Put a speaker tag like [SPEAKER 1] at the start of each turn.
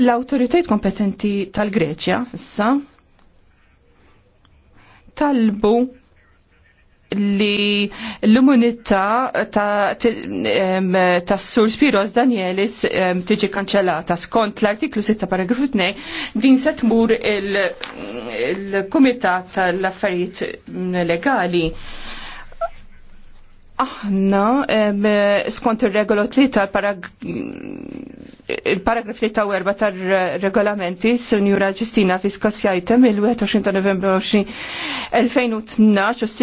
[SPEAKER 1] L-autoritajt kompetenti tal-Greċja, issa, talbu li l-immunità ta', sur Spiros Danielis tiġi kanċellata skont l-artiklu 6 paragrafu 2 din se tmur il-Kumitat il kumitat tal affarijiet Legali aħna skont ir-regola tlita il-paragraf li ta' erba tar regolamenti Sinjura Ġustina Fiskos jajtem il-21 ta' novembru 2012